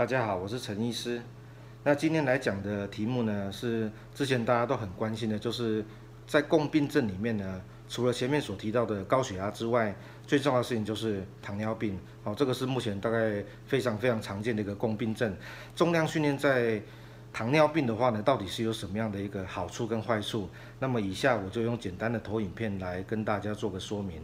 大家好，我是陳醫師。那今天來講的題目呢，是之前大家都很關心的，就是在共病症裡面呢，除了前面所提到的高血壓之外，最重要的事情就是糖尿病。好，哦，這個是目前大概非常非常常見的一個共病症。重量訓練在糖尿病的話呢，到底是有什麼樣的一個好處跟壞處？那麼以下我就用簡單的投影片來跟大家做個說明。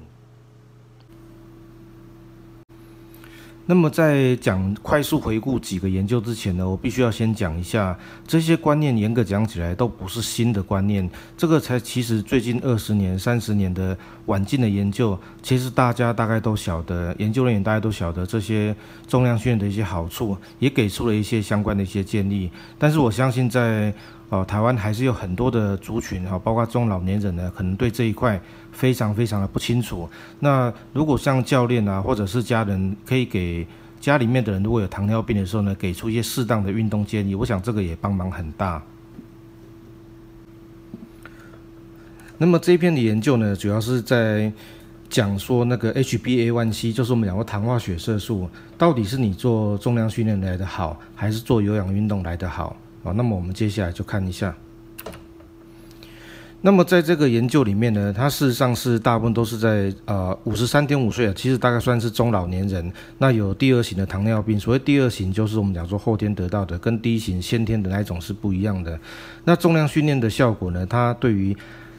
那麼在講快速回顧幾個研究之前呢，我必須要先講一下這些觀念。嚴格講起來，都不是新的觀念。這個才其實最近二十年、三十年的晚近的研究，其實大家大概都曉得，研究人員大家都曉得這些重量訓練的一些好處，也給出了一些相關的一些建議。但是我相信在。哦，台灣還是有很多的族群哈、哦，包括中老年人呢，可能對這一塊非常非常的不清楚。那如果像教練啊，或者是家人，可以給家裡面的人，如果有糖尿病的時候呢，給出一些適當的運動建議，我想這個也幫忙很大。那麼這一篇的研究呢，主要是在講說那個 HBA1C，就是我們講過糖化血色素，到底是你做重量訓練來得好，還是做有氧運動來得好？好，那麼我們接下來就看一下。那麼在這個研究裡面呢，它事實上是大部分都是在呃五十三點五歲啊，其實大概算是中老年人。那有第二型的糖尿病，所謂第二型就是我們講說後天得到的，跟第一型先天的那一種是不一樣的。那重量訓練的效果呢，它對於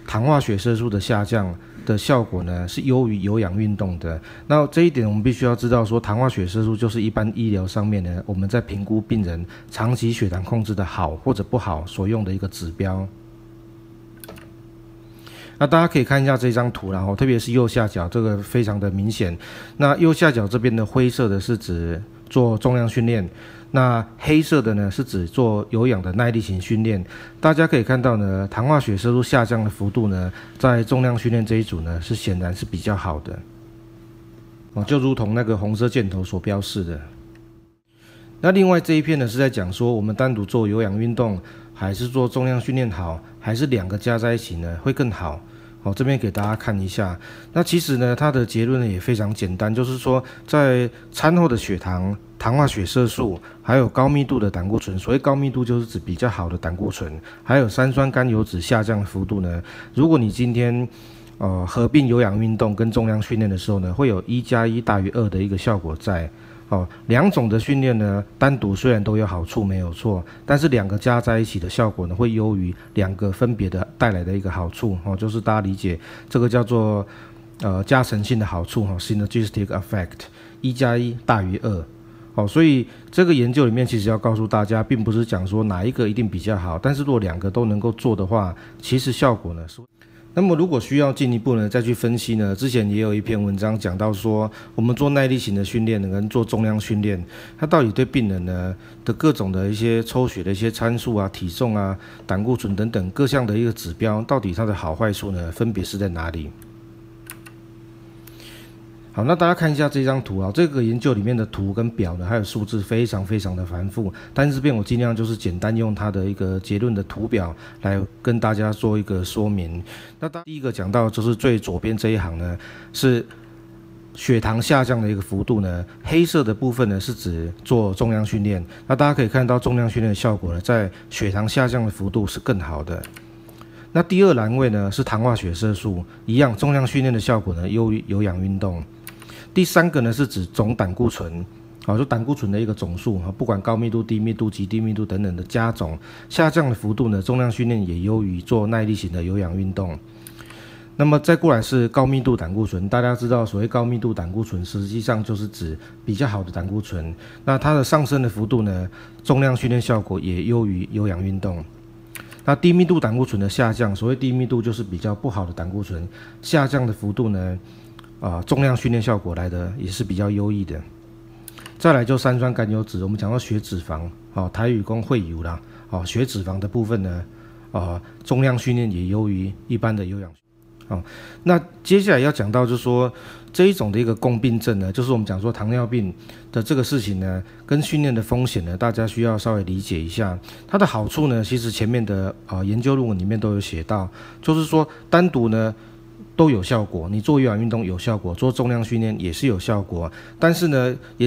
糖化血色素的下降的效果呢，是優於有氧運動的。那這一點我們必須要知道，說糖化血色素就是一般醫療上面呢，我們在評估病人長期血糖控制的好或者不好所用的一個指標。那大家可以看一下這張圖，然後特別是右下角這個非常的明顯。那右下角這邊的灰色的是指做重量訓練。那黑色的呢，是指做有氧的耐力型訓練。大家可以看到呢，糖化血色素下降的幅度呢，在重量訓練這一組呢，是顯然是比較好的。哦，就如同那個紅色箭頭所標示的。那另外這一片呢，是在講說我們單獨做有氧運動，還是做重量訓練好，還是兩個加在一起呢，會更好。好，這邊給大家看一下。那其實呢，它的結論呢也非常簡單，就是說，在餐後的血糖、糖化血色素，還有高密度的膽固醇，所謂高密度就是指比較好的膽固醇，還有三酸甘油酯下降的幅度呢。如果你今天，呃，合併有氧運動跟重量訓練的時候呢，會有一加一大於二的一個效果在。哦，兩種的訓練呢，單獨雖然都有好處，沒有錯，但是兩個加在一起的效果呢，會優於兩個分別的帶來的一個好處。哦，就是大家理解這個叫做，呃，加成性的好處哈，哦，synergistic effect，一加一大於二。哦，所以這個研究裡面其實要告訴大家，並不是講說哪一個一定比較好，但是如果兩個都能夠做的話，其實效果呢是。那麼，如果需要進一步呢，再去分析呢？之前也有一篇文章講到說，我們做耐力型的訓練跟做重量訓練，它到底對病人呢的各種的一些抽血的一些參數啊、體重啊、膽固醇等等各項的一個指標，到底它的好壞處呢，分別是在哪裡？好，那大家看一下這張圖啊、哦，這個研究裡面的圖跟表呢，還有數字非常非常的繁複，但是這邊我儘量就是簡單用它的一個結論的圖表來跟大家做一個說明。那第一個講到就是最左邊這一行呢，是血糖下降的一個幅度呢，黑色的部分呢是指做重量訓練，那大家可以看到重量訓練的效果呢，在血糖下降的幅度是更好的。那第二欄位呢是糖化血色素，一樣重量訓練的效果呢優於有,有氧運動。第三個呢是指總膽固醇，好，就膽固醇的一個總數啊，不管高密度、低密度、極低密度等等的加總下降的幅度呢，重量訓練也優於做耐力型的有氧運動。那麼再過來是高密度膽固醇，大家知道所謂高密度膽固醇，實際上就是指比較好的膽固醇，那它的上升的幅度呢，重量訓練效果也優於有氧運動。那低密度膽固醇的下降，所謂低密度就是比較不好的膽固醇，下降的幅度呢？啊、呃，重量訓練效果來的也是比較優異的。再來就三酸甘油酯，我們講到血脂肪，哦，台語工會有啦，哦，血脂肪的部分呢，啊、呃，重量訓練也優於一般的有氧。啊、哦，那接下來要講到就是說這一種的一個共病症呢，就是我們講說糖尿病的這個事情呢，跟訓練的風險呢，大家需要稍微理解一下。它的好處呢，其實前面的啊、呃、研究論文裡面都有寫到，就是說單獨呢。都有效果，你做有氧運動有效果，做重量訓練也是有效果，但是呢，研